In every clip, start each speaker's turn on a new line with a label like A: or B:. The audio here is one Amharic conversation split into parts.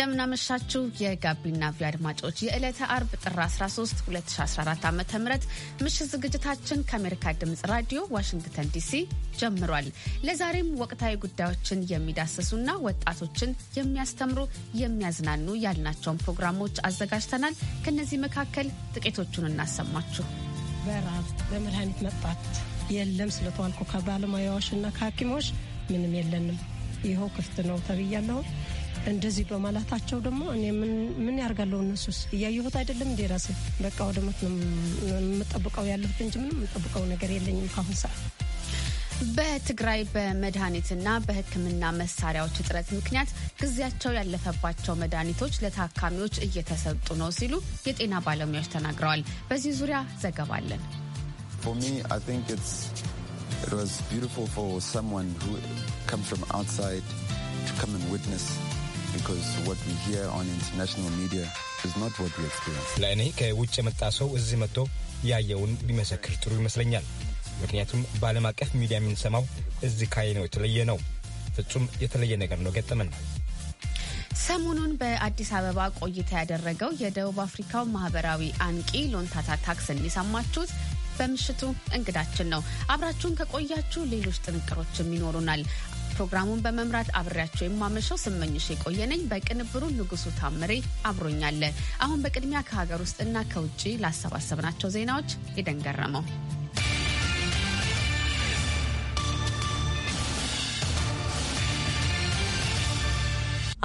A: እንደምናመሻችሁ የጋቢና ቪ አድማጮች የዕለተ አርብ ጥር 13 2014 ዓ ም ምሽት ዝግጅታችን ከአሜሪካ ድምፅ ራዲዮ ዋሽንግተን ዲሲ ጀምሯል። ለዛሬም ወቅታዊ ጉዳዮችን የሚዳስሱና ወጣቶችን የሚያስተምሩ የሚያዝናኑ ያልናቸውን ፕሮግራሞች አዘጋጅተናል። ከእነዚህ መካከል ጥቂቶቹን እናሰማችሁ።
B: በራብ በመድኃኒት መጣት የለም ስለተዋልኩ ከባለሙያዎችና ከሐኪሞች ምንም የለንም ይኸው ክፍት ነው ተብያለሁን እንደዚህ በማላታቸው ደግሞ እኔ ምን ያርጋለሁ? እነሱስ እያየሁት አይደለም እንዴ? ራሴ በቃ ወደ ሞት ነው የምጠብቀው ያለሁት እንጂ ምንም የምጠብቀው ነገር የለኝም ካሁን ሰዓት። በትግራይ
A: በመድኃኒትና በሕክምና መሳሪያዎች እጥረት ምክንያት ጊዜያቸው ያለፈባቸው መድኃኒቶች ለታካሚዎች እየተሰጡ ነው ሲሉ የጤና ባለሙያዎች ተናግረዋል። በዚህ ዙሪያ ዘገባ አለን።
C: it was beautiful for someone who comes from outside to come and witness
D: ለእኔ ከውጭ የመጣ ሰው እዚህ መጥቶ ያየውን ቢመሰክር ጥሩ ይመስለኛል። ምክንያቱም በዓለም አቀፍ ሚዲያ የምንሰማው እዚህ ካይ ነው የተለየ ነው። ፍጹም የተለየ ነገር ነው ገጠመን።
A: ሰሞኑን በአዲስ አበባ ቆይታ ያደረገው የደቡብ አፍሪካው ማህበራዊ አንቂ ሎንታታ ታክስ እንዲሰማችሁት በምሽቱ እንግዳችን ነው። አብራችሁን ከቆያችሁ ሌሎች ጥንቅሮችም ይኖሩናል። ፕሮግራሙን በመምራት አብሬያቸው የማመሸው ስመኝሽ የቆየነኝ፣ በቅንብሩ ንጉሱ ታምሬ አብሮኛለ። አሁን በቅድሚያ ከሀገር ውስጥና ከውጭ ላሰባሰብናቸው ዜናዎች የደንገረመው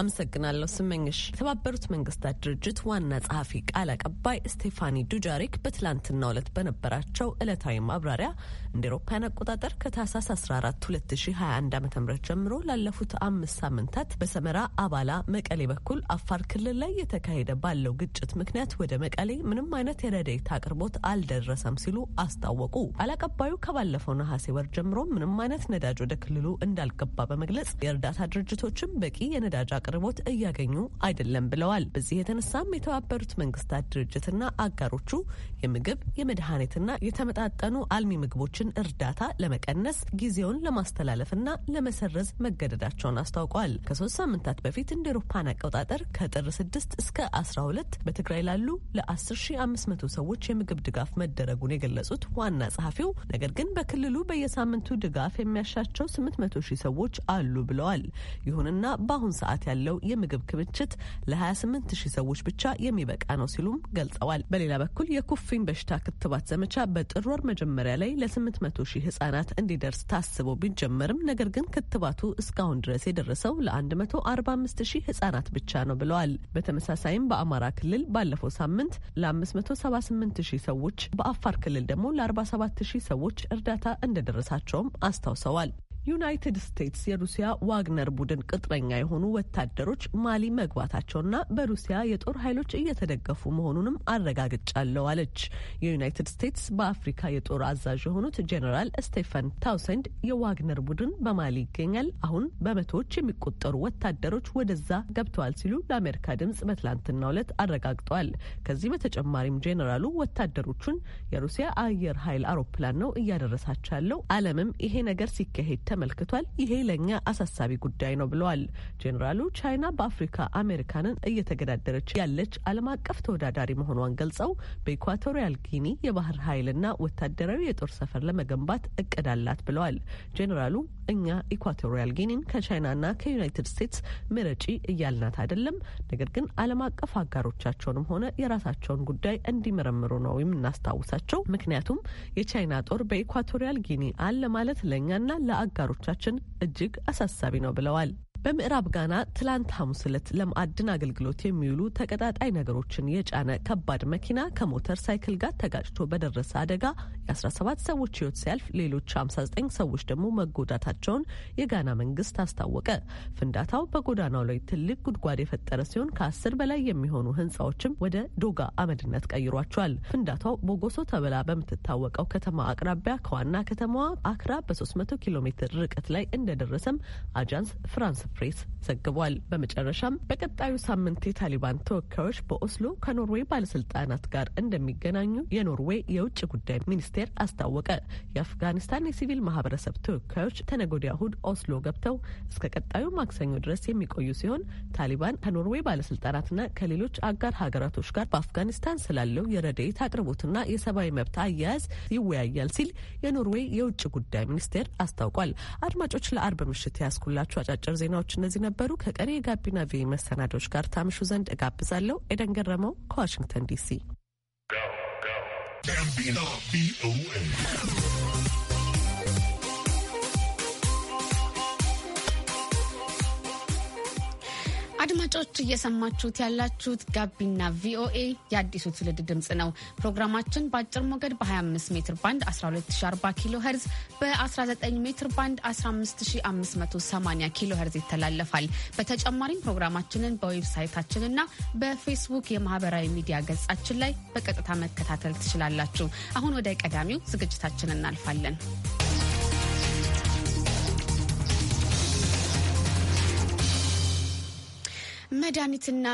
E: አመሰግናለሁ ስመኝሽ። የተባበሩት መንግስታት ድርጅት ዋና ጸሐፊ ቃል አቀባይ ስቴፋኒ ዱጃሪክ በትላንትናው እለት በነበራቸው ዕለታዊ ማብራሪያ እንደ ኤሮፓያን አቆጣጠር ከታህሳስ 14 2021 ዓ ም ጀምሮ ላለፉት አምስት ሳምንታት በሰመራ አባላ፣ መቀሌ በኩል አፋር ክልል ላይ የተካሄደ ባለው ግጭት ምክንያት ወደ መቀሌ ምንም አይነት የረድኤት አቅርቦት አልደረሰም ሲሉ አስታወቁ። ቃል አቀባዩ ከባለፈው ነሐሴ ወር ጀምሮ ምንም አይነት ነዳጅ ወደ ክልሉ እንዳልገባ በመግለጽ የእርዳታ ድርጅቶችም በቂ የነዳጅ አቅርቦት እያገኙ አይደለም ብለዋል። በዚህ የተነሳም የተባበሩት መንግስታት ድርጅትና አጋሮቹ የምግብ የመድኃኒትና የተመጣጠኑ አልሚ ምግቦችን እርዳታ ለመቀነስ ጊዜውን ለማስተላለፍና ለመሰረዝ መገደዳቸውን አስታውቋል። ከሶስት ሳምንታት በፊት እንደ አውሮፓውያን አቆጣጠር ከጥር ስድስት እስከ 12 በትግራይ ላሉ ለ መቶ ሰዎች የምግብ ድጋፍ መደረጉን የገለጹት ዋና ጸሐፊው ነገር ግን በክልሉ በየሳምንቱ ድጋፍ የሚያሻቸው 800 ሺህ ሰዎች አሉ ብለዋል። ይሁንና በአሁን ሰዓት ያለው የምግብ ክምችት ለ28 ሺህ ሰዎች ብቻ የሚበቃ ነው ሲሉም ገልጸዋል። በሌላ በኩል የኩፍኝ በሽታ ክትባት ዘመቻ በጥር ወር መጀመሪያ ላይ ለ800 ሺህ ህጻናት እንዲደርስ ታስቦ ቢጀመርም ነገር ግን ክትባቱ እስካሁን ድረስ የደረሰው ለ145 ሺህ ህጻናት ብቻ ነው ብለዋል። በተመሳሳይም በአማራ ክልል ባለፈው ሳምንት ለ578 ሺህ ሰዎች፣ በአፋር ክልል ደግሞ ለ47 ሺህ ሰዎች እርዳታ እንደደረሳቸውም አስታውሰዋል። ዩናይትድ ስቴትስ የሩሲያ ዋግነር ቡድን ቅጥረኛ የሆኑ ወታደሮች ማሊ መግባታቸውና በሩሲያ የጦር ኃይሎች እየተደገፉ መሆኑንም አረጋግጫለሁ አለች። የዩናይትድ ስቴትስ በአፍሪካ የጦር አዛዥ የሆኑት ጄኔራል ስቴፈን ታውሰንድ የዋግነር ቡድን በማሊ ይገኛል፣ አሁን በመቶዎች የሚቆጠሩ ወታደሮች ወደዛ ገብተዋል ሲሉ ለአሜሪካ ድምጽ በትላንትናው ዕለት አረጋግጠዋል። ከዚህ በተጨማሪም ጄኔራሉ ወታደሮቹን የሩሲያ አየር ኃይል አውሮፕላን ነው እያደረሳቸው ያለው፣ ዓለምም ይሄ ነገር ሲካሄድ ተመልክቷል። ይሄ ለእኛ አሳሳቢ ጉዳይ ነው ብለዋል ጄኔራሉ። ቻይና በአፍሪካ አሜሪካንን እየተገዳደረች ያለች ዓለም አቀፍ ተወዳዳሪ መሆኗን ገልጸው በኢኳቶሪያል ጊኒ የባህር ኃይልና ወታደራዊ የጦር ሰፈር ለመገንባት እቅድ አላት ብለዋል ጄኔራሉ። እኛ ኢኳቶሪያል ጊኒን ከቻይናና ከዩናይትድ ስቴትስ ምረጪ እያልናት አይደለም። ነገር ግን ዓለም አቀፍ አጋሮቻቸውንም ሆነ የራሳቸውን ጉዳይ እንዲመረምሩ ነው የምናስታውሳቸው። ምክንያቱም የቻይና ጦር በኢኳቶሪያል ጊኒ አለ ማለት ለእኛና ለአጋ አጋሮቻችን እጅግ አሳሳቢ ነው ብለዋል። በምዕራብ ጋና ትላንት ሐሙስ ዕለት ለማዕድን አገልግሎት የሚውሉ ተቀጣጣይ ነገሮችን የጫነ ከባድ መኪና ከሞተር ሳይክል ጋር ተጋጭቶ በደረሰ አደጋ የ17 ሰዎች ህይወት ሲያልፍ ሌሎች 59 ሰዎች ደግሞ መጎዳታቸውን የጋና መንግስት አስታወቀ። ፍንዳታው በጎዳናው ላይ ትልቅ ጉድጓድ የፈጠረ ሲሆን ከ ከ10 በላይ የሚሆኑ ህንፃዎችም ወደ ዶጋ አመድነት ቀይሯቸዋል። ፍንዳታው ቦጎሶ ተብላ በምትታወቀው ከተማ አቅራቢያ ከዋና ከተማዋ አክራ በ300 ኪሎ ሜትር ርቀት ላይ እንደደረሰም አጃንስ ፍራንስ ፕሬስ ዘግቧል። በመጨረሻም በቀጣዩ ሳምንት የታሊባን ተወካዮች በኦስሎ ከኖርዌይ ባለስልጣናት ጋር እንደሚገናኙ የኖርዌይ የውጭ ጉዳይ ሚኒስቴር አስታወቀ። የአፍጋኒስታን የሲቪል ማህበረሰብ ተወካዮች ተነጎዲያ እሁድ ኦስሎ ገብተው እስከ ቀጣዩ ማክሰኞ ድረስ የሚቆዩ ሲሆን ታሊባን ከኖርዌይ ባለስልጣናትና ከሌሎች አጋር ሀገራቶች ጋር በአፍጋኒስታን ስላለው የረድኤት አቅርቦትና የሰብአዊ መብት አያያዝ ይወያያል ሲል የኖርዌይ የውጭ ጉዳይ ሚኒስቴር አስታውቋል። አድማጮች ለአርብ ምሽት ያስኩላችሁ አጫጭር ዜናዎች ዜናዎች እነዚህ ነበሩ። ከቀሪ የጋቢና ቪ መሰናዶች ጋር ታምሹ ዘንድ እጋብዛለሁ። ኤደን ገረመው ከዋሽንግተን ዲሲ
A: አድማጮች እየሰማችሁት ያላችሁት ጋቢና ቪኦኤ የአዲሱ ትውልድ ድምፅ ነው። ፕሮግራማችን በአጭር ሞገድ በ25 ሜትር ባንድ 1240 ኪሎ ሄርዝ፣ በ19 ሜትር ባንድ 15580 ኪሎ ሄርዝ ይተላለፋል። በተጨማሪም ፕሮግራማችንን በዌብሳይታችን እና በፌስቡክ የማህበራዊ ሚዲያ ገጻችን ላይ በቀጥታ መከታተል ትችላላችሁ። አሁን ወደ ቀዳሚው ዝግጅታችን እናልፋለን። መድኃኒትና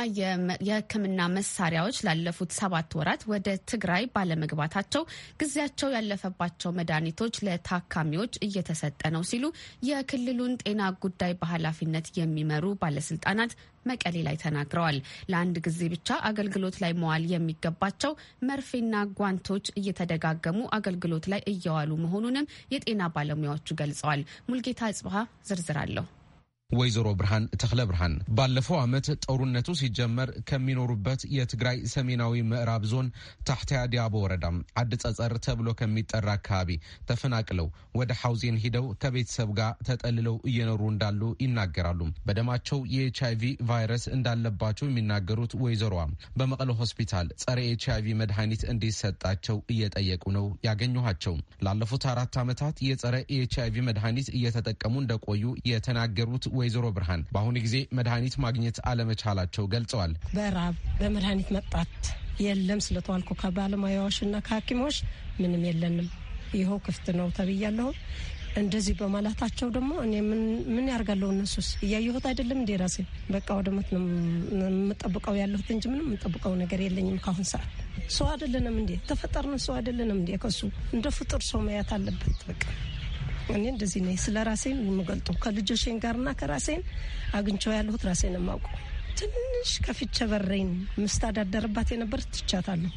A: የሕክምና መሳሪያዎች ላለፉት ሰባት ወራት ወደ ትግራይ ባለመግባታቸው ጊዜያቸው ያለፈባቸው መድኃኒቶች ለታካሚዎች እየተሰጠ ነው ሲሉ የክልሉን ጤና ጉዳይ በኃላፊነት የሚመሩ ባለስልጣናት መቀሌ ላይ ተናግረዋል። ለአንድ ጊዜ ብቻ አገልግሎት ላይ መዋል የሚገባቸው መርፌና ጓንቶች እየተደጋገሙ አገልግሎት ላይ እየዋሉ መሆኑንም የጤና ባለሙያዎቹ ገልጸዋል። ሙልጌታ ጽብሃ ዝርዝር አለሁ
F: ወይዘሮ ብርሃን ተክለ ብርሃን ባለፈው ዓመት ጦርነቱ ሲጀመር ከሚኖሩበት የትግራይ ሰሜናዊ ምዕራብ ዞን ታሕትያ ዲያቦ ወረዳም ዓዲ ጸጸር ተብሎ ከሚጠራ አካባቢ ተፈናቅለው ወደ ሐውዜን ሂደው ከቤተሰብ ጋር ተጠልለው እየኖሩ እንዳሉ ይናገራሉ። በደማቸው የኤች አይቪ ቫይረስ እንዳለባቸው የሚናገሩት ወይዘሮዋ በመቀለ ሆስፒታል ጸረ ኤች አይቪ መድኃኒት እንዲሰጣቸው እየጠየቁ ነው ያገኘኋቸው። ላለፉት አራት ዓመታት የጸረ ኤች አይቪ መድኃኒት እየተጠቀሙ እንደቆዩ የተናገሩት ወይዘሮ ብርሃን በአሁኑ ጊዜ መድኃኒት ማግኘት አለመቻላቸው ገልጸዋል።
B: በራብ በመድኃኒት መጣት የለም ስለተዋልኩ ከባለሙያዎች እና ከሐኪሞች ምንም የለንም ይኸው ክፍት ነው ተብያለሁ። እንደዚህ በማለታቸው ደግሞ እኔ ምን ያርጋለሁ? እነሱስ እያየሁት አይደለም እንዴ? ራሴ በቃ ወደ ሞት ነው የምጠብቀው ያለሁት እንጂ ምንም የምጠብቀው ነገር የለኝም። ካሁን ሰዓት ሰው አይደለንም እንዴ? ተፈጠርን ሰው አይደለንም እንዴ? ከሱ እንደ ፍጡር ሰው ማየት አለበት በቃ እኔ እንደዚህ ነኝ። ስለ ራሴን የምገልጠው ከልጆቼን ጋርና ከራሴን አግኝቼው ያለሁት ራሴን የማውቀው ትንሽ ከፍቼ በረኝ ምስታዳደርባት የነበር ትቻታለሁ።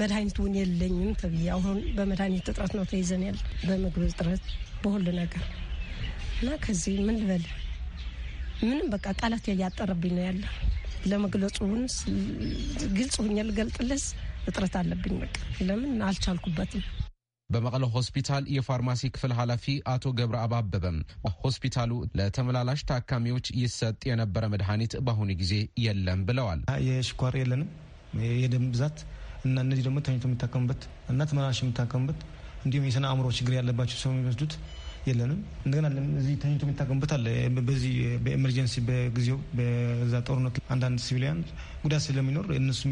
B: መድኃኒቱን የለኝም ተብዬ አሁን በመድኃኒት እጥረት ነው ተይዘን ያለ በምግብ እጥረት በሁሉ ነገር እና ከዚህ ምን ልበል ምንም በቃ ቃላት እያጠረብኝ ነው ያለ ለመግለጹን ግልጽ ሁኜ ልገልጥልስ እጥረት አለብኝ። በቃ ለምን አልቻልኩበትም።
F: በመቀለ ሆስፒታል የፋርማሲ ክፍል ኃላፊ አቶ ገብረ አባበበም። ሆስፒታሉ ለተመላላሽ ታካሚዎች ይሰጥ የነበረ መድኃኒት በአሁኑ ጊዜ የለም
G: ብለዋል። የሽኳር የለንም፣ የደም ብዛት እና እነዚህ ደግሞ ተኝቶ የሚታከምበት እና ተመላላሽ የሚታከምበት እንዲሁም የስነ አእምሮ ችግር ያለባቸው ሰው የሚወስዱት የለንም። እንደገና እዚህ ተኝቶ የሚታከምበት አለ። በዚህ በኤመርጀንሲ በጊዜው በዛ ጦርነት አንዳንድ ሲቪሊያን ጉዳት ስለሚኖር እነሱ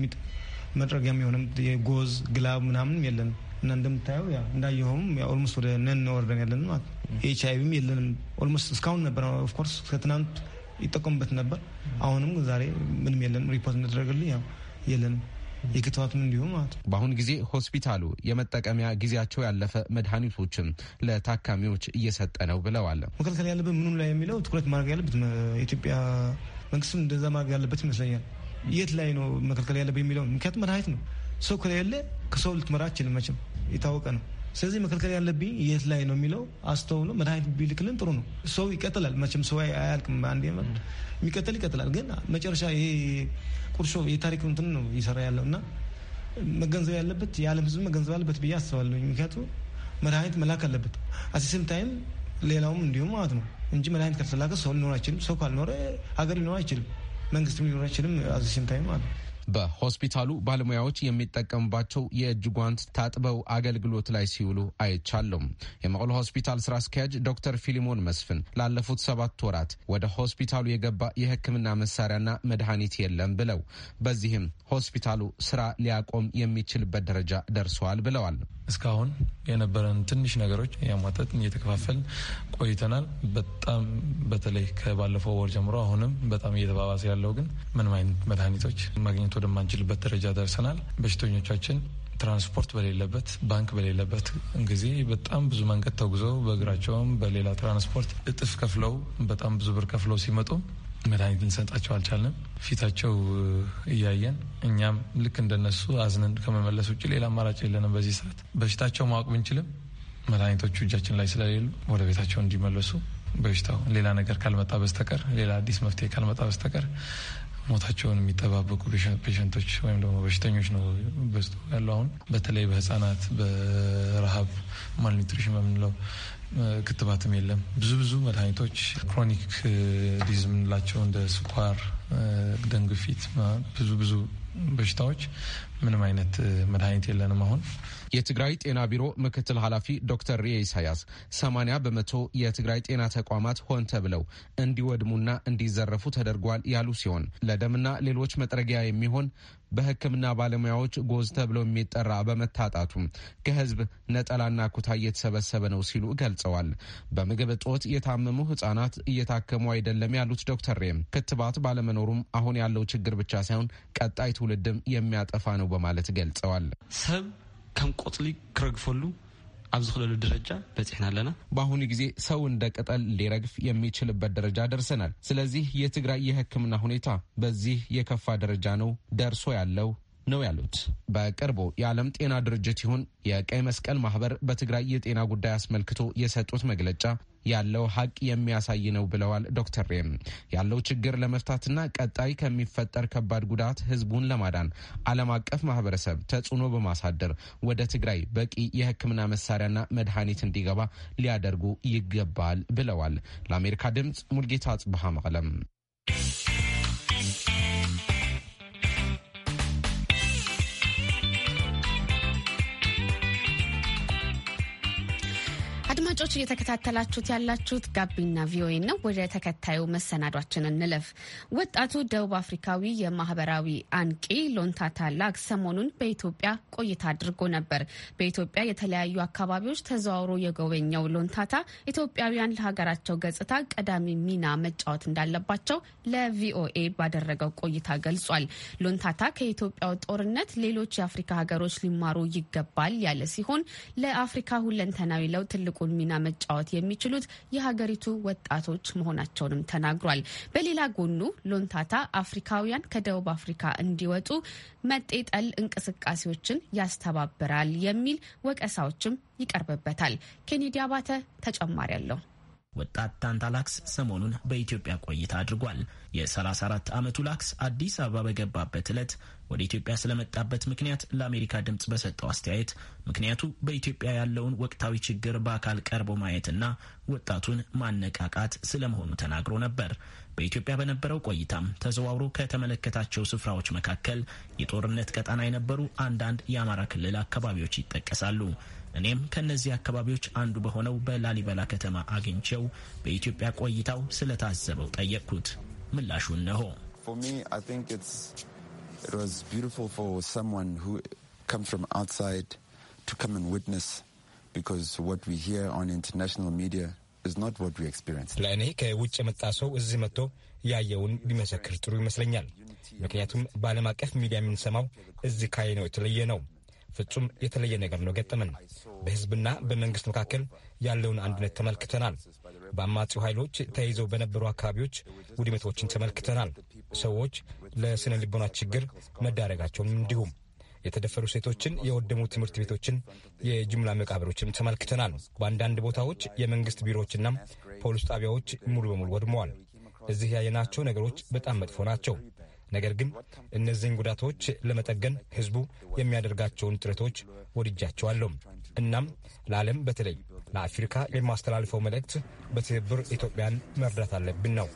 G: መድረጊያ የሚሆንም የጎዝ ግላብ ምናምንም የለንም። እና እንደምታየው እንዳየሆም ኦልሞስት ወደ ነን ወርደን ያለን ማለት ኤች አይቪም የለንም። ኦልሞስት እስካሁን ነበር ኦፍኮርስ ከትናንት ይጠቀሙበት ነበር። አሁንም ዛሬ ምንም የለንም። ሪፖርት እንደተደረገልኝ ያው የለንም። የክትባትም እንዲሁ ማለት ነው።
F: በአሁኑ ጊዜ ሆስፒታሉ የመጠቀሚያ ጊዜያቸው ያለፈ መድኃኒቶችም ለታካሚዎች እየሰጠ ነው ብለዋል።
G: መከልከል ያለበት ምኑ ላይ የሚለው ትኩረት ማድረግ ያለበት ኢትዮጵያ መንግስትም እንደዛ ማድረግ ያለበት ይመስለኛል። የት ላይ ነው መከልከል ያለበት የሚለው ምክንያቱም መድኃኒት ነው ሰው ከሌለ ከሰው ልትመራ አችልም፣ መቼም የታወቀ ነው። ስለዚህ መከልከል ያለብኝ የት ላይ ነው የሚለው አስተውሎ መድኃኒት ቢልክልን ጥሩ ነው። ሰው ይቀጥላል፣ መቼም ሰው አያልቅም። አንዴ የሚቀጥል ይቀጥላል። ግን መጨረሻ ይሄ ቁርሾ የታሪክ እንትን ነው እየሰራ ያለው እና መገንዘብ ያለበት የዓለም ሕዝብ መገንዘብ አለበት ብዬ አስባለሁ። ምክንያቱ መድኃኒት መላክ አለበት አሲስም ታይም ሌላውም እንዲሁም ማለት ነው እንጂ መድኃኒት ካልተላከ ሰው ሊኖር አይችልም። ሰው ካልኖረ ሀገር ሊኖር አይችልም። መንግስትም ሊኖር አይችልም።
F: አሲስም ታይም ማለት ነው በሆስፒታሉ ባለሙያዎች የሚጠቀሙባቸው የእጅ ጓንት ታጥበው አገልግሎት ላይ ሲውሉ አይቻለሁም። የመቅሎ ሆስፒታል ስራ አስኪያጅ ዶክተር ፊሊሞን መስፍን ላለፉት ሰባት ወራት ወደ ሆስፒታሉ የገባ የሕክምና መሳሪያና መድኃኒት የለም ብለው በዚህም ሆስፒታሉ ስራ ሊያቆም የሚችልበት ደረጃ ደርሰዋል ብለዋል።
H: እስካሁን የነበረን ትንሽ ነገሮች እያሟጠጥን እየተከፋፈል ቆይተናል። በጣም በተለይ ከባለፈው ወር ጀምሮ አሁንም በጣም እየተባባሰ ያለው ግን ምንም አይነት መድኃኒቶች ማግኘት ወደማንችልበት ደረጃ ደርሰናል። በሽተኞቻችን ትራንስፖርት በሌለበት ባንክ በሌለበት ጊዜ በጣም ብዙ መንገድ ተጉዘው በእግራቸውም በሌላ ትራንስፖርት እጥፍ ከፍለው በጣም ብዙ ብር ከፍለው ሲመጡ መድኃኒት ልንሰጣቸው አልቻለም። ፊታቸው እያየን እኛም ልክ እንደነሱ አዝነን ከመመለስ ውጭ ሌላ አማራጭ የለንም። በዚህ ሰዓት በሽታቸው ማወቅ ብንችልም መድኃኒቶቹ እጃችን ላይ ስለሌሉ ወደ ቤታቸው እንዲመለሱ በሽታው ሌላ ነገር ካልመጣ በስተቀር ሌላ አዲስ መፍትሄ ካልመጣ በስተቀር ሞታቸውን የሚጠባበቁ ፔሸንቶች ወይም ደግሞ በሽተኞች ነው በዝቶ ያለው። አሁን በተለይ በህጻናት በረሃብ ማልኒትሪሽን በምንለው ክትባትም የለም። ብዙ ብዙ መድኃኒቶች ክሮኒክ ዲዝ የምንላቸው እንደ ስኳር፣ ደም ግፊት፣ ብዙ ብዙ በሽታዎች ምንም አይነት መድኃኒት የለንም። አሁን የትግራይ
F: ጤና ቢሮ ምክትል ኃላፊ ዶክተር ሪኤ ኢሳያስ ሰማንያ በመቶ የትግራይ ጤና ተቋማት ሆን ተብለው እንዲወድሙና እንዲዘረፉ ተደርጓል ያሉ ሲሆን ለደምና ሌሎች መጥረጊያ የሚሆን በሕክምና ባለሙያዎች ጎዝ ተብሎ የሚጠራ በመታጣቱ ከህዝብ ነጠላና ኩታ እየተሰበሰበ ነው ሲሉ ገልጸዋል። በምግብ እጦት የታመሙ ህጻናት እየታከሙ አይደለም ያሉት ዶክተር ሬም ክትባት ባለመኖሩም አሁን ያለው ችግር ብቻ ሳይሆን ቀጣይ ትውልድም የሚያጠፋ ነው በማለት ገልጸዋል። ሰብ ከም ቆጥሊ ክረግፈሉ ኣብ ዝኽእለሉ ደረጃ በፂሕና ኣለና በአሁኑ ግዜ ሰው እንደ ቅጠል ሊረግፍ የሚችልበት ደረጃ ደርሰናል። ስለዚህ የትግራይ የህክምና ሁኔታ በዚህ የከፋ ደረጃ ነው ደርሶ ያለው ነው ያሉት። በቅርቡ የዓለም ጤና ድርጅት ይሁን የቀይ መስቀል ማህበር በትግራይ የጤና ጉዳይ አስመልክቶ የሰጡት መግለጫ ያለው ሀቅ የሚያሳይ ነው ብለዋል። ዶክተር ሬም ያለው ችግር ለመፍታትና ቀጣይ ከሚፈጠር ከባድ ጉዳት ህዝቡን ለማዳን ዓለም አቀፍ ማህበረሰብ ተጽዕኖ በማሳደር ወደ ትግራይ በቂ የህክምና መሳሪያና መድኃኒት እንዲገባ ሊያደርጉ ይገባል ብለዋል። ለአሜሪካ ድምፅ ሙልጌታ አጽብሃ መቀለም
A: አድማጮች እየተከታተላችሁት ያላችሁት ጋቢና ቪኦኤ ነው። ወደ ተከታዩ መሰናዷችን እንለፍ። ወጣቱ ደቡብ አፍሪካዊ የማህበራዊ አንቂ ሎንታታ ሰሞኑን በኢትዮጵያ ቆይታ አድርጎ ነበር። በኢትዮጵያ የተለያዩ አካባቢዎች ተዘዋውሮ የጎበኘው ሎንታታ ኢትዮጵያውያን ለሀገራቸው ገጽታ ቀዳሚ ሚና መጫወት እንዳለባቸው ለቪኦኤ ባደረገው ቆይታ ገልጿል። ሎንታታ ከኢትዮጵያው ጦርነት ሌሎች የአፍሪካ ሀገሮች ሊማሩ ይገባል ያለ ሲሆን ለአፍሪካ ሁለንተናዊ ለውጥ ትልቁን ሚና ሚና መጫወት የሚችሉት የሀገሪቱ ወጣቶች መሆናቸውንም ተናግሯል። በሌላ ጎኑ ሎንታታ አፍሪካውያን ከደቡብ አፍሪካ እንዲወጡ መጤጠል እንቅስቃሴዎችን ያስተባብራል የሚል ወቀሳዎችም ይቀርብበታል። ኬኔዲ አባተ ተጨማሪ አለው።
I: ወጣት ታንታ ላክስ ሰሞኑን በኢትዮጵያ ቆይታ አድርጓል። የ34 ዓመቱ ላክስ አዲስ አበባ በገባበት ዕለት ወደ ኢትዮጵያ ስለመጣበት ምክንያት ለአሜሪካ ድምፅ በሰጠው አስተያየት ምክንያቱ በኢትዮጵያ ያለውን ወቅታዊ ችግር በአካል ቀርቦ ማየትና ወጣቱን ማነቃቃት ስለመሆኑ ተናግሮ ነበር። በኢትዮጵያ በነበረው ቆይታም ተዘዋውሮ ከተመለከታቸው ስፍራዎች መካከል የጦርነት ቀጣና የነበሩ አንዳንድ የአማራ ክልል አካባቢዎች ይጠቀሳሉ። እኔም ከእነዚህ አካባቢዎች አንዱ በሆነው በላሊበላ ከተማ አግኝቸው በኢትዮጵያ ቆይታው ስለታዘበው ጠየቅኩት።
C: ምላሹ እነሆ። ስ
D: ለእኔ ከውጭ የመጣ ሰው እዚህ መጥቶ ያየውን ቢመሰክር ጥሩ ይመስለኛል። ምክንያቱም በዓለም አቀፍ ሚዲያ የምንሰማው እዚህ ካየ ነው የተለየ ነው። ፍጹም የተለየ ነገር ነው ገጠመን። በህዝብና በመንግሥት መካከል ያለውን አንድነት ተመልክተናል። በአማጺው ኃይሎች ተይዘው በነበሩ አካባቢዎች ውድመቶችን ተመልክተናል። ሰዎች ለስነ ልቦና ችግር መዳረጋቸውን እንዲሁም የተደፈሩ ሴቶችን፣ የወደሙ ትምህርት ቤቶችን፣ የጅምላ መቃብሮችን ተመልክተናል። በአንዳንድ ቦታዎች የመንግስት ቢሮዎችና ፖሊስ ጣቢያዎች ሙሉ በሙሉ ወድመዋል። እዚህ ያየናቸው ነገሮች በጣም መጥፎ ናቸው። ነገር ግን እነዚህን ጉዳቶች ለመጠገን ህዝቡ የሚያደርጋቸውን ጥረቶች ወድጃቸዋለሁ። እናም ለዓለም በተለይ ለአፍሪካ የማስተላልፈው መልእክት በትብብር ኢትዮጵያን መርዳት አለብን ነው።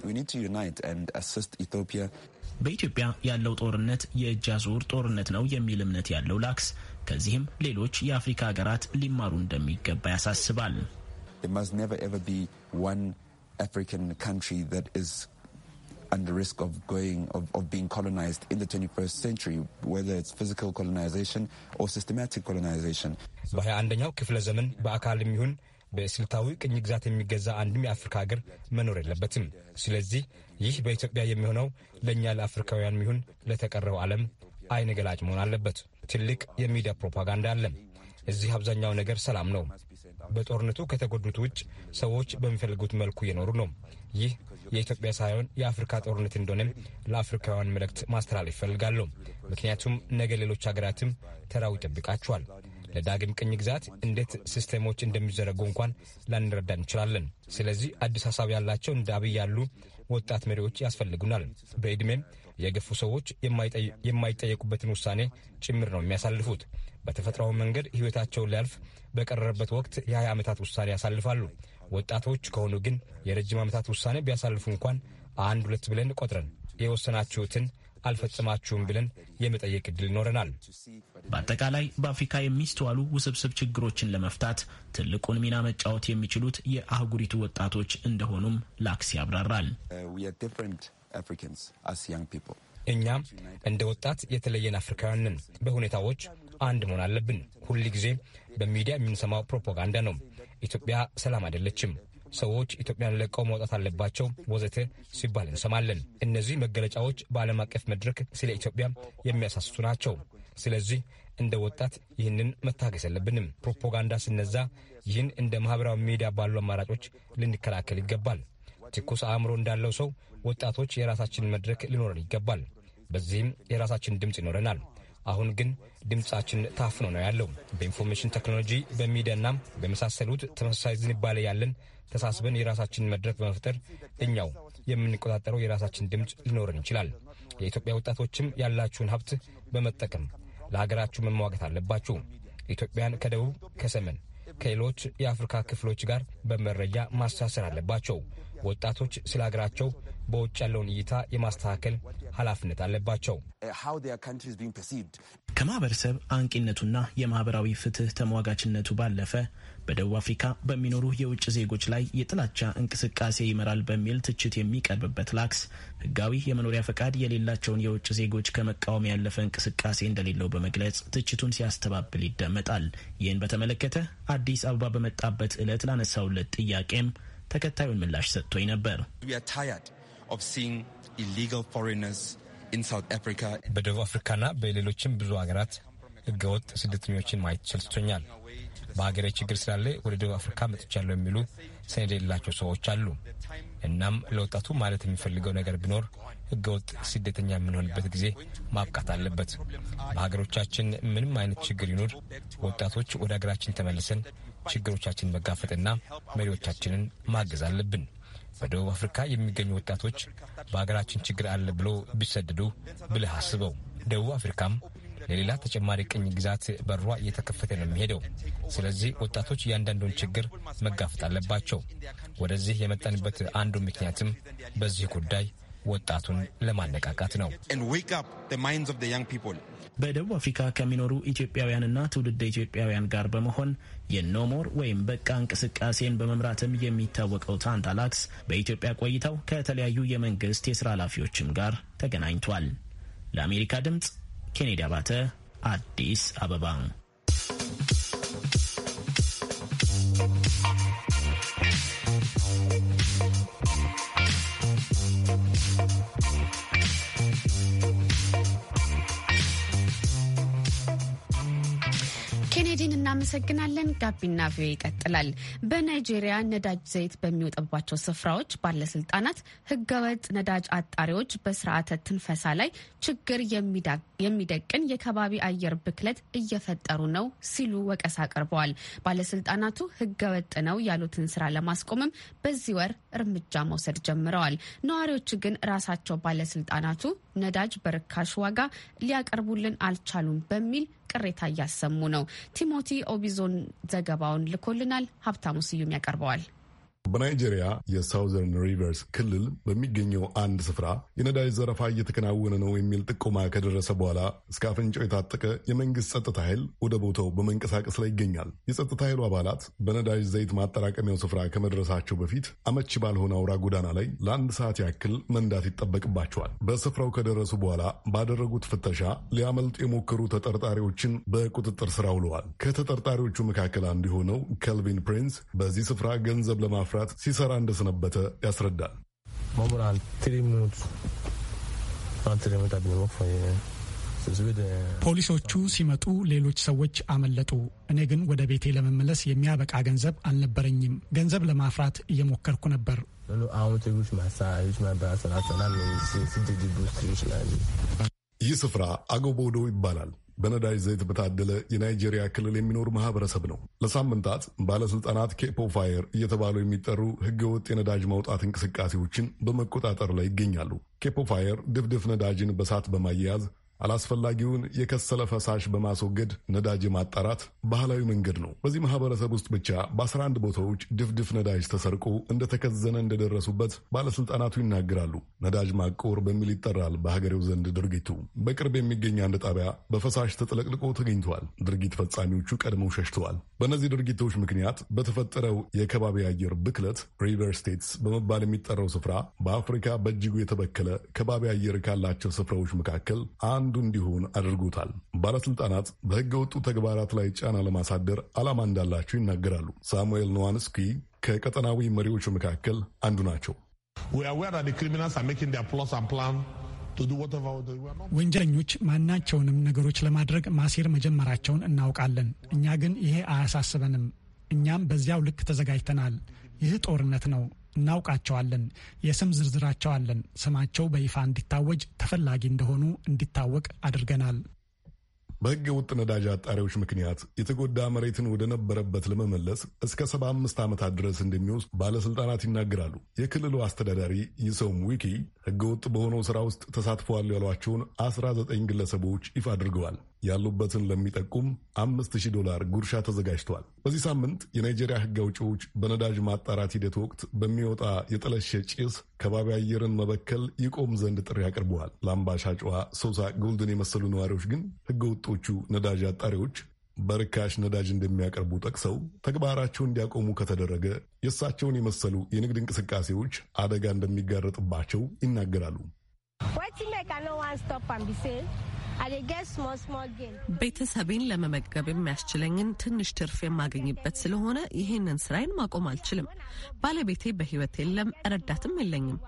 D: በኢትዮጵያ ያለው
I: ጦርነት የእጅ አዙር ጦርነት ነው የሚል እምነት ያለው ላክስ ከዚህም ሌሎች የአፍሪካ ሀገራት
C: ሊማሩ እንደሚገባ ያሳስባል። under risk of going of, of being colonized in the 21st century whether it's physical colonization or systematic colonization በሃያ
D: አንደኛው ክፍለ ዘመን በአካልም ይሁን በስልታዊ ቅኝ ግዛት የሚገዛ አንድም የአፍሪካ ሀገር መኖር የለበትም። ስለዚህ ይህ በኢትዮጵያ የሚሆነው ለእኛ ለአፍሪካውያን ይሁን ለተቀረው ዓለም አይነ ገላጭ መሆን አለበት። ትልቅ የሚዲያ ፕሮፓጋንዳ አለ። እዚህ አብዛኛው ነገር ሰላም ነው። በጦርነቱ ከተጎዱት ውጭ ሰዎች በሚፈልጉት መልኩ እየኖሩ ነው። ይህ የኢትዮጵያ ሳይሆን የአፍሪካ ጦርነት እንደሆነም ለአፍሪካውያን መልእክት ማስተላለፍ ይፈልጋለሁ። ምክንያቱም ነገ ሌሎች ሀገራትም ተራው ይጠብቃቸዋል። ለዳግም ቅኝ ግዛት እንዴት ሲስቴሞች እንደሚዘረጉ እንኳን ላንረዳ እንችላለን። ስለዚህ አዲስ ሀሳብ ያላቸው እንደ አብይ ያሉ ወጣት መሪዎች ያስፈልጉናል። በእድሜም የገፉ ሰዎች የማይጠየቁበትን ውሳኔ ጭምር ነው የሚያሳልፉት። በተፈጥሯዊ መንገድ ህይወታቸውን ሊያልፍ በቀረረበት ወቅት የ20 ዓመታት ውሳኔ ያሳልፋሉ። ወጣቶች ከሆኑ ግን የረጅም ዓመታት ውሳኔ ቢያሳልፉ እንኳን አንድ ሁለት ብለን ቆጥረን የወሰናችሁትን አልፈጽማችሁም ብለን የመጠየቅ እድል ይኖረናል። በአጠቃላይ በአፍሪካ የሚስተዋሉ ውስብስብ
I: ችግሮችን ለመፍታት ትልቁን ሚና መጫወት የሚችሉት የአህጉሪቱ ወጣቶች እንደሆኑም
C: ላክስ ያብራራል።
D: እኛ እንደ ወጣት የተለየን አፍሪካውያን ነን። በሁኔታዎች አንድ መሆን አለብን። ሁል ጊዜ በሚዲያ የምንሰማው ፕሮፓጋንዳ ነው። ኢትዮጵያ ሰላም አይደለችም ሰዎች ኢትዮጵያን ለቀው መውጣት አለባቸው ወዘተ ሲባል እንሰማለን። እነዚህ መገለጫዎች በዓለም አቀፍ መድረክ ስለ ኢትዮጵያ የሚያሳስቱ ናቸው። ስለዚህ እንደ ወጣት ይህንን መታገስ የለብንም። ፕሮፓጋንዳ ስነዛ ይህን እንደ ማህበራዊ ሚዲያ ባሉ አማራጮች ልንከላከል ይገባል። ትኩስ አእምሮ እንዳለው ሰው ወጣቶች የራሳችን መድረክ ሊኖረን ይገባል። በዚህም የራሳችን ድምፅ ይኖረናል። አሁን ግን ድምፃችን ታፍኖ ነው ያለው። በኢንፎርሜሽን ቴክኖሎጂ በሚዲያና በመሳሰሉት ተመሳሳይ ዝንባሌ ያለን ተሳስበን የራሳችንን መድረክ በመፍጠር እኛው የምንቆጣጠረው የራሳችን ድምፅ ሊኖረን ይችላል። የኢትዮጵያ ወጣቶችም ያላችሁን ሀብት በመጠቀም ለሀገራችሁ መሟገት አለባችሁ። ኢትዮጵያን ከደቡብ፣ ከሰሜን፣ ከሌሎች የአፍሪካ ክፍሎች ጋር በመረጃ ማሳሰር አለባቸው። ወጣቶች ስለ ሀገራቸው በውጭ ያለውን እይታ የማስተካከል ኃላፊነት አለባቸው።
I: ከማህበረሰብ አንቂነቱና የማህበራዊ ፍትህ ተሟጋችነቱ ባለፈ በደቡብ አፍሪካ በሚኖሩ የውጭ ዜጎች ላይ የጥላቻ እንቅስቃሴ ይመራል በሚል ትችት የሚቀርብበት ላክስ ህጋዊ የመኖሪያ ፈቃድ የሌላቸውን የውጭ ዜጎች ከመቃወም ያለፈ እንቅስቃሴ እንደሌለው በመግለጽ ትችቱን ሲያስተባብል ይደመጣል። ይህን በተመለከተ አዲስ አበባ በመጣበት ዕለት ላነሳውለት ጥያቄም ተከታዩን ምላሽ ሰጥቶኝ
C: ነበር።
D: በደቡብ አፍሪካና በሌሎችም ብዙ ሀገራት ህገወጥ ስደተኞችን ማየት ሰልችቶኛል። በሀገሬ ችግር ስላለ ወደ ደቡብ አፍሪካ መጥቻለሁ የሚሉ ሰነድ የሌላቸው ሰዎች አሉ። እናም ለወጣቱ ማለት የሚፈልገው ነገር ቢኖር ህገወጥ ስደተኛ የምንሆንበት ጊዜ ማብቃት አለበት። በሀገሮቻችን ምንም አይነት ችግር ይኑር፣ ወጣቶች ወደ ሀገራችን ተመልሰን ችግሮቻችን መጋፈጥና መሪዎቻችንን ማገዝ አለብን። በደቡብ አፍሪካ የሚገኙ ወጣቶች በሀገራችን ችግር አለ ብሎ ቢሰደዱ ብልህ አስበው። ደቡብ አፍሪካም ለሌላ ተጨማሪ ቅኝ ግዛት በሯ እየተከፈተ ነው የሚሄደው። ስለዚህ ወጣቶች እያንዳንዱን ችግር መጋፈጥ አለባቸው። ወደዚህ የመጣንበት አንዱ ምክንያትም በዚህ ጉዳይ ወጣቱን ለማነቃቃት ነው።
I: በደቡብ አፍሪካ ከሚኖሩ ኢትዮጵያውያንና ትውልደ ኢትዮጵያውያን ጋር በመሆን የኖሞር ወይም በቃ እንቅስቃሴን በመምራትም የሚታወቀው ታንታላክስ በኢትዮጵያ ቆይታው ከተለያዩ የመንግስት የስራ ኃላፊዎችም ጋር ተገናኝቷል። ለአሜሪካ ድምፅ ኬኔዲ አባተ አዲስ አበባ።
A: እናመሰግናለን። ጋቢና ቪኦኤ ይቀጥላል። በናይጄሪያ ነዳጅ ዘይት በሚወጥባቸው ስፍራዎች ባለስልጣናት ህገወጥ ነዳጅ አጣሪዎች በስርዓተ ትንፈሳ ላይ ችግር የሚደቅን የከባቢ አየር ብክለት እየፈጠሩ ነው ሲሉ ወቀሳ አቅርበዋል። ባለስልጣናቱ ህገወጥ ነው ያሉትን ስራ ለማስቆምም በዚህ ወር እርምጃ መውሰድ ጀምረዋል። ነዋሪዎች ግን ራሳቸው ባለስልጣናቱ ነዳጅ በርካሽ ዋጋ ሊያቀርቡልን አልቻሉም በሚል ቅሬታ እያሰሙ ነው። ቲሞቲ ኦቢዞን ዘገባውን ልኮልናል። ሀብታሙ ስዩም ያቀርበዋል።
J: በናይጄሪያ የሳውዘርን ሪቨርስ ክልል በሚገኘው አንድ ስፍራ የነዳጅ ዘረፋ እየተከናወነ ነው የሚል ጥቆማ ከደረሰ በኋላ እስከ አፍንጫው የታጠቀ የመንግስት ጸጥታ ኃይል ወደ ቦታው በመንቀሳቀስ ላይ ይገኛል። የጸጥታ ኃይሉ አባላት በነዳጅ ዘይት ማጠራቀሚያው ስፍራ ከመድረሳቸው በፊት አመቺ ባልሆነ አውራ ጎዳና ላይ ለአንድ ሰዓት ያክል መንዳት ይጠበቅባቸዋል። በስፍራው ከደረሱ በኋላ ባደረጉት ፍተሻ ሊያመልጡ የሞከሩ ተጠርጣሪዎችን በቁጥጥር ስር አውለዋል። ከተጠርጣሪዎቹ መካከል አንዱ የሆነው ከልቪን ፕሪንስ በዚህ ስፍራ ገንዘብ ለማፍ ለማስፈራት ሲሰራ እንደሰነበተ
H: ያስረዳል። uh,
G: ፖሊሶቹ ሲመጡ ሌሎች ሰዎች አመለጡ። እኔ ግን ወደ ቤቴ ለመመለስ የሚያበቃ ገንዘብ አልነበረኝም። ገንዘብ ለማፍራት እየሞከርኩ ነበር።
J: ይህ ስፍራ አገቦዶ ይባላል። በነዳጅ ዘይት በታደለ የናይጄሪያ ክልል የሚኖር ማህበረሰብ ነው። ለሳምንታት ባለስልጣናት ኬፖ ፋየር እየተባሉ የሚጠሩ ህገወጥ የነዳጅ ማውጣት እንቅስቃሴዎችን በመቆጣጠር ላይ ይገኛሉ። ኬፖ ፋየር ድፍድፍ ነዳጅን በሳት በማያያዝ አላስፈላጊውን የከሰለ ፈሳሽ በማስወገድ ነዳጅ የማጣራት ባህላዊ መንገድ ነው። በዚህ ማህበረሰብ ውስጥ ብቻ በ11 ቦታዎች ድፍድፍ ነዳጅ ተሰርቆ እንደተከዘነ እንደደረሱበት ባለስልጣናቱ ይናገራሉ። ነዳጅ ማቆር በሚል ይጠራል በሀገሬው ዘንድ ድርጊቱ። በቅርብ የሚገኝ አንድ ጣቢያ በፈሳሽ ተጥለቅልቆ ተገኝተዋል። ድርጊት ፈጻሚዎቹ ቀድመው ሸሽተዋል። በእነዚህ ድርጊቶች ምክንያት በተፈጠረው የከባቢ አየር ብክለት ሪቨር ስቴትስ በመባል የሚጠራው ስፍራ በአፍሪካ በእጅጉ የተበከለ ከባቢ አየር ካላቸው ስፍራዎች መካከል አንዱ እንዲሆን አድርጎታል። ባለስልጣናት በህገ ወጡ ተግባራት ላይ ጫና ለማሳደር ዓላማ እንዳላቸው ይናገራሉ። ሳሙኤል ኖዋንስኪ ከቀጠናዊ መሪዎቹ መካከል አንዱ ናቸው። ወንጀለኞች
G: ማናቸውንም ነገሮች ለማድረግ ማሴር መጀመራቸውን እናውቃለን። እኛ ግን ይሄ አያሳስበንም። እኛም በዚያው ልክ ተዘጋጅተናል። ይህ ጦርነት ነው። እናውቃቸዋለን፣ የስም ዝርዝራቸዋለን። ስማቸው በይፋ እንዲታወጅ ተፈላጊ እንደሆኑ እንዲታወቅ አድርገናል።
J: በሕገ ወጥ ነዳጅ አጣሪዎች ምክንያት የተጎዳ መሬትን ወደ ነበረበት ለመመለስ እስከ 75 ዓመታት ድረስ እንደሚወስድ ባለሥልጣናት ይናገራሉ። የክልሉ አስተዳዳሪ ይሰውም ዊኪ ሕገ ወጥ በሆነው ሥራ ውስጥ ተሳትፈዋል ያሏቸውን 19 ግለሰቦች ይፋ አድርገዋል። ያሉበትን ለሚጠቁም አምስት ሺህ ዶላር ጉርሻ ተዘጋጅቷል። በዚህ ሳምንት የናይጄሪያ ሕግ አውጪዎች በነዳጅ ማጣራት ሂደት ወቅት በሚወጣ የጠለሸ ጭስ ከባቢ አየርን መበከል ይቆም ዘንድ ጥሪ አቅርበዋል። ለአምባሻጫዋ ሶሳ ጎልድን የመሰሉ ነዋሪዎች ግን ሕገ ወጦቹ ነዳጅ አጣሪዎች በርካሽ ነዳጅ እንደሚያቀርቡ ጠቅሰው ተግባራቸው እንዲያቆሙ ከተደረገ የእሳቸውን የመሰሉ የንግድ እንቅስቃሴዎች አደጋ እንደሚጋረጥባቸው ይናገራሉ።
E: ቤተሰቤን ለመመገብ የሚያስችለኝን ትንሽ ትርፍ የማገኝበት ስለሆነ ይህንን ስራዬን ማቆም አልችልም። ባለቤቴ በህይወት የለም፣ ረዳትም የለኝም።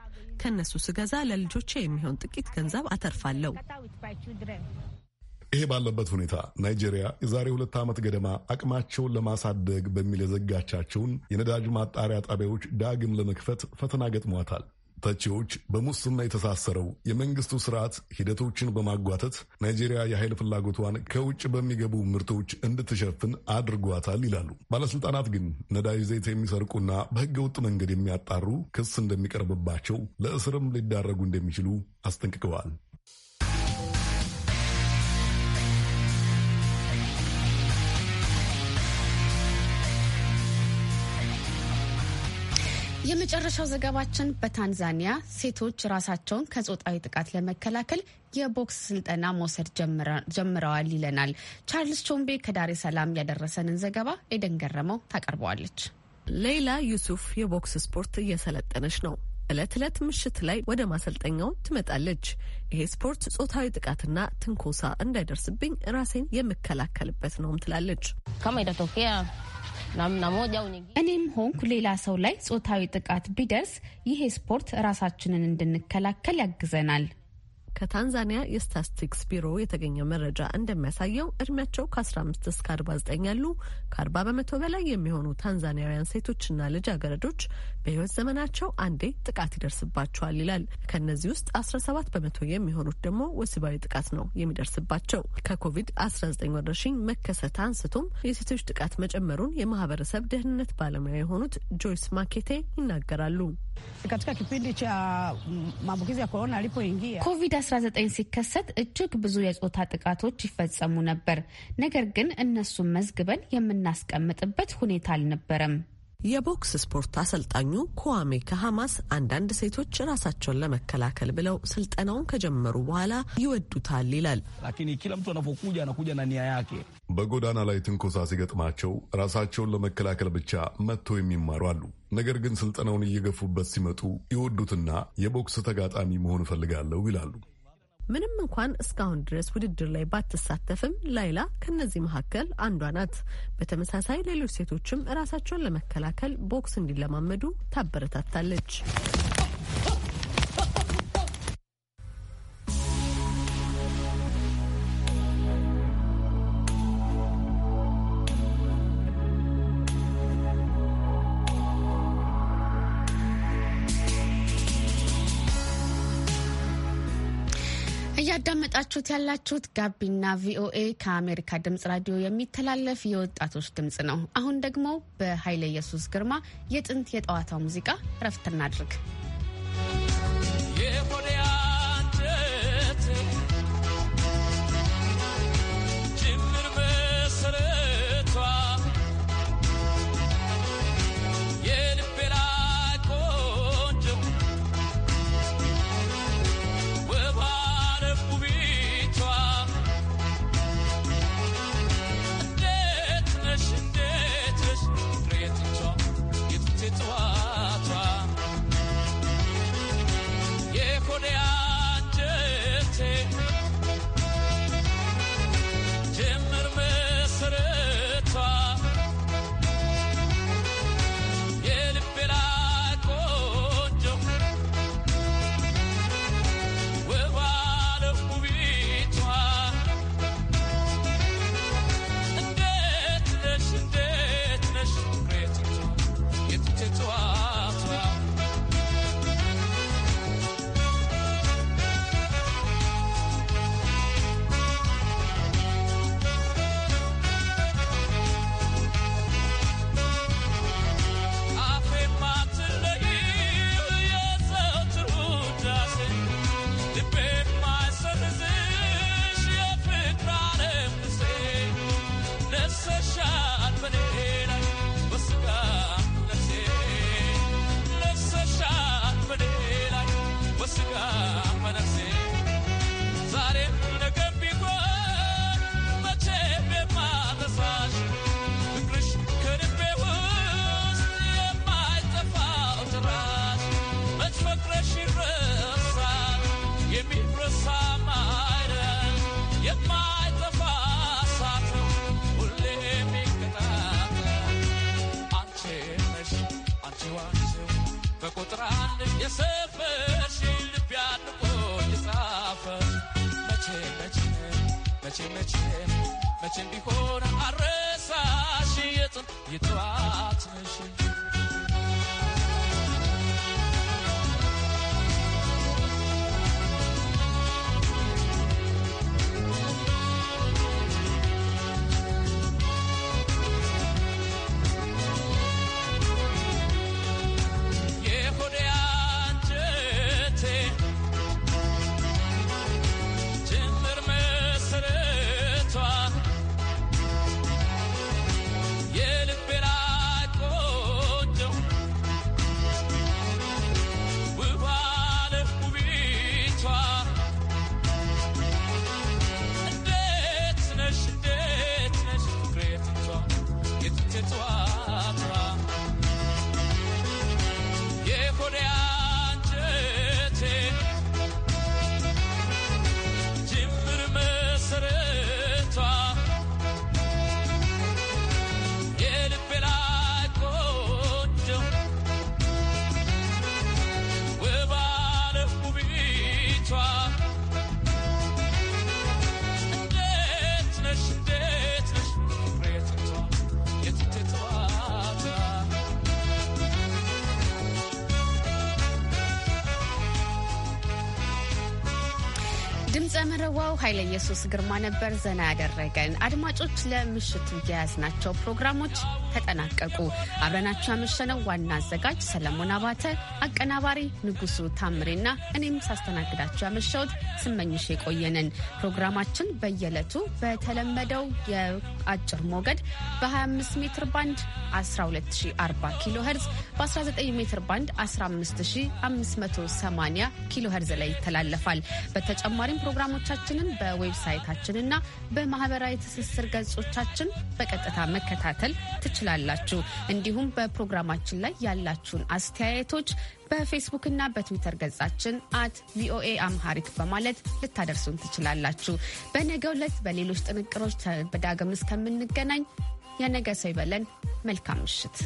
E: ከእነሱ ስገዛ ለልጆቼ የሚሆን ጥቂት ገንዘብ አተርፋለሁ።
J: ይሄ ባለበት ሁኔታ ናይጄሪያ የዛሬ ሁለት ዓመት ገደማ አቅማቸውን ለማሳደግ በሚል የዘጋቻቸውን የነዳጅ ማጣሪያ ጣቢያዎች ዳግም ለመክፈት ፈተና ገጥሟታል። ተቺዎች በሙስና የተሳሰረው የመንግስቱ ስርዓት ሂደቶችን በማጓተት ናይጄሪያ የኃይል ፍላጎቷን ከውጭ በሚገቡ ምርቶች እንድትሸፍን አድርጓታል ይላሉ። ባለስልጣናት ግን ነዳጅ ዘይት የሚሰርቁና በህገ ወጥ መንገድ የሚያጣሩ ክስ እንደሚቀርብባቸው ለእስርም ሊዳረጉ እንደሚችሉ አስጠንቅቀዋል።
A: የመጨረሻው ዘገባችን በታንዛኒያ ሴቶች ራሳቸውን ከጾታዊ ጥቃት ለመከላከል የቦክስ ስልጠና መውሰድ ጀምረዋል ይለናል። ቻርልስ ቾምቤ ከዳሬ ሰላም ያደረሰንን ዘገባ
E: ኤደን ገረመው ታቀርበዋለች። ሌይላ ዩሱፍ የቦክስ ስፖርት እየሰለጠነች ነው። ዕለት ዕለት ምሽት ላይ ወደ ማሰልጠኛው ትመጣለች። ይሄ ስፖርት ጾታዊ ጥቃትና ትንኮሳ እንዳይደርስብኝ ራሴን የምከላከልበት ነውም ትላለች።
A: እኔም ሆንኩ ሌላ ሰው ላይ ጾታዊ ጥቃት ቢደርስ ይሄ
E: ስፖርት ራሳችንን እንድንከላከል ያግዘናል። ከታንዛኒያ የስታስቲክስ ቢሮ የተገኘው መረጃ እንደሚያሳየው እድሜያቸው ከ15 እስከ 49 ያሉ ከ40 በመቶ በላይ የሚሆኑ ታንዛኒያውያን ሴቶችና ልጃገረዶች በህይወት ዘመናቸው አንዴ ጥቃት ይደርስባቸዋል ይላል። ከእነዚህ ውስጥ 17 በመቶ የሚሆኑት ደግሞ ወሲባዊ ጥቃት ነው የሚደርስባቸው። ከኮቪድ-19 ወረርሽኝ መከሰት አንስቶም የሴቶች ጥቃት መጨመሩን የማህበረሰብ ደህንነት ባለሙያ የሆኑት ጆይስ ማኬቴ ይናገራሉ።
A: ኮቪድ ኮቪድ ሲከሰት እጅግ ብዙ የጾታ ጥቃቶች ይፈጸሙ ነበር። ነገር ግን እነሱን መዝግበን የምናስቀምጥበት
E: ሁኔታ አልነበረም። የቦክስ ስፖርት አሰልጣኙ ኮዋሜ ከሀማስ አንዳንድ ሴቶች ራሳቸውን ለመከላከል ብለው ስልጠናውን ከጀመሩ በኋላ ይወዱታል ይላል።
J: በጎዳና ላይ ትንኮሳ ሲገጥማቸው ራሳቸውን ለመከላከል ብቻ መጥቶ የሚማሩ አሉ። ነገር ግን ስልጠናውን እየገፉበት ሲመጡ ይወዱትና የቦክስ ተጋጣሚ መሆን እፈልጋለሁ ይላሉ።
E: ምንም እንኳን እስካሁን ድረስ ውድድር ላይ ባትሳተፍም ላይላ ከነዚህ መካከል አንዷ ናት። በተመሳሳይ ሌሎች ሴቶችም እራሳቸውን ለመከላከል ቦክስ እንዲለማመዱ ታበረታታለች።
A: እያደመጣችሁት ያላችሁት ጋቢና ቪኦኤ ከአሜሪካ ድምጽ ራዲዮ የሚተላለፍ የወጣቶች ድምጽ ነው። አሁን ደግሞ በኃይለ ኢየሱስ ግርማ የጥንት የጠዋታው ሙዚቃ እረፍት እናድርግ።
K: በቁጥር አንድ የሰፈርሽ ልብ ያድቆ የጻፈ መቼ መቼ መቼ መቼ መቼ ቢሆን አረሳሽ የጥንት የጠዋትሽ
A: ኢየሱስ ግርማ ነበር ዘና ያደረገን። አድማጮች ለምሽቱ የያዝናቸው ፕሮግራሞች ተጠናቀቁ። አብረናቸው ያመሸነው ዋና አዘጋጅ ሰለሞን አባተ፣ አቀናባሪ ንጉሱ ታምሬና እኔም ሳስተናግዳቸው ያመሸሁት ስመኝሽ የቆየንን። ፕሮግራማችን በየዕለቱ በተለመደው የአጭር ሞገድ በ25 ሜትር ባንድ 12040 ኪሎ ሄርዝ በ19 ሜትር ባንድ 15580 ኪሎ ሄርዝ ላይ ይተላለፋል። በተጨማሪም ፕሮግራሞቻችንን በዌብሳይታችንና በማህበራዊ ትስስር ገጾቻችን በቀጥታ መከታተል ትችላላችሁ። እንዲሁም በፕሮግራማችን ላይ ያላችሁን አስተያየቶች በፌስቡክና በትዊተር ገጻችን አት ቪኦኤ አምሃሪክ በማለት ልታደርሱን ትችላላችሁ። በነገ ዕለት በሌሎች ጥንቅሮች በዳግም እስከምንገናኝ የነገ ሰው ይበለን። መልካም ምሽት።